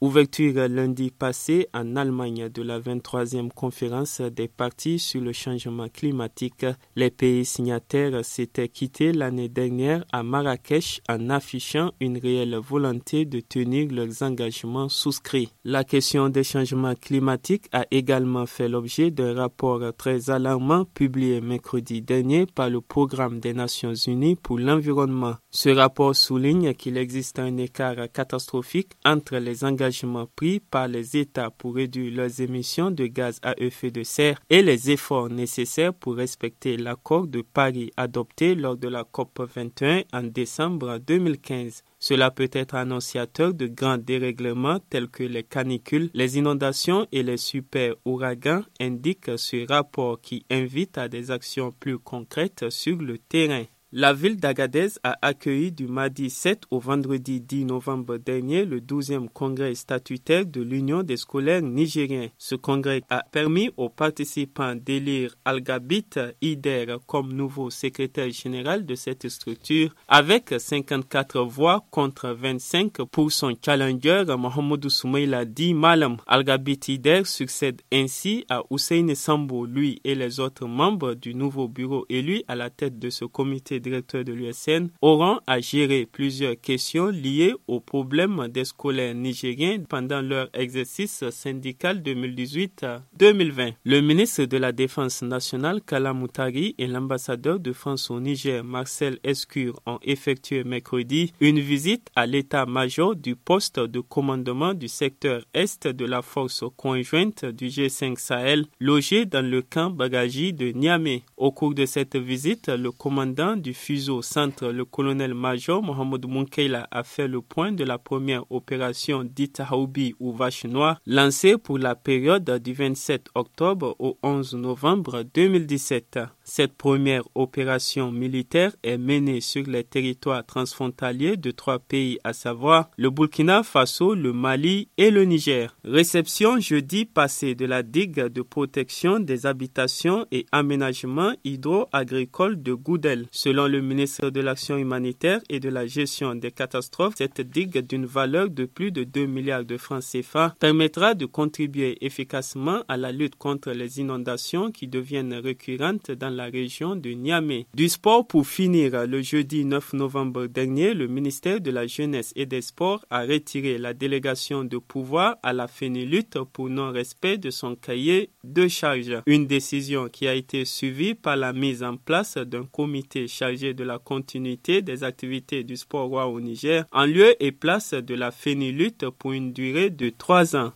Ouverture lundi passé en Allemagne de la 23e conférence des partis sur le changement climatique. Les pays signataires s'étaient quittés l'année dernière à Marrakech en affichant une réelle volonté de tenir leurs engagements souscrits. La question des changements climatiques a également fait l'objet d'un rapport très alarmant publié mercredi dernier par le Programme des Nations Unies pour l'environnement. Ce rapport souligne qu'il existe un écart catastrophique entre les engagements pris par les États pour réduire leurs émissions de gaz à effet de serre et les efforts nécessaires pour respecter l'accord de Paris adopté lors de la COP 21 en décembre 2015. Cela peut être annonciateur de grands dérèglements tels que les canicules, les inondations et les super ouragans, indique ce rapport qui invite à des actions plus concrètes sur le terrain. La ville d'Agadez a accueilli du mardi 7 au vendredi 10 novembre dernier le 12e congrès statutaire de l'Union des scolaires nigériens. Ce congrès a permis aux participants d'élire Algabit Ider comme nouveau secrétaire général de cette structure avec 54 voix contre 25 pour son challenger Mohamedou Soumaila Di Malam. Algabit Ider succède ainsi à Hussein Sambo, lui et les autres membres du nouveau bureau élu à la tête de ce comité directeur de l'USN, auront à gérer plusieurs questions liées aux problèmes des scolaires nigériens pendant leur exercice syndical 2018-2020. Le ministre de la Défense nationale, Kala et l'ambassadeur de France au Niger, Marcel Escure, ont effectué mercredi une visite à l'état-major du poste de commandement du secteur Est de la force conjointe du G5 Sahel, logé dans le camp Bagaji de Niamey. Au cours de cette visite, le commandant du fuseau centre, le colonel-major Mohamed Munkeila a fait le point de la première opération dite Haoubi ou Vache Noire, lancée pour la période du 27 octobre au 11 novembre 2017. Cette première opération militaire est menée sur les territoires transfrontaliers de trois pays, à savoir le Burkina Faso, le Mali et le Niger. Réception jeudi passé de la digue de protection des habitations et aménagements hydro-agricoles de Goudel. Selon dans le ministre de l'Action humanitaire et de la gestion des catastrophes, cette digue d'une valeur de plus de 2 milliards de francs CFA permettra de contribuer efficacement à la lutte contre les inondations qui deviennent récurrentes dans la région de Niamey. Du sport pour finir, le jeudi 9 novembre dernier, le ministère de la Jeunesse et des Sports a retiré la délégation de pouvoir à la lutte pour non-respect de son cahier de charge. Une décision qui a été suivie par la mise en place d'un comité chargé de la continuité des activités du sport roi au Niger en lieu et place de la lutte pour une durée de trois ans.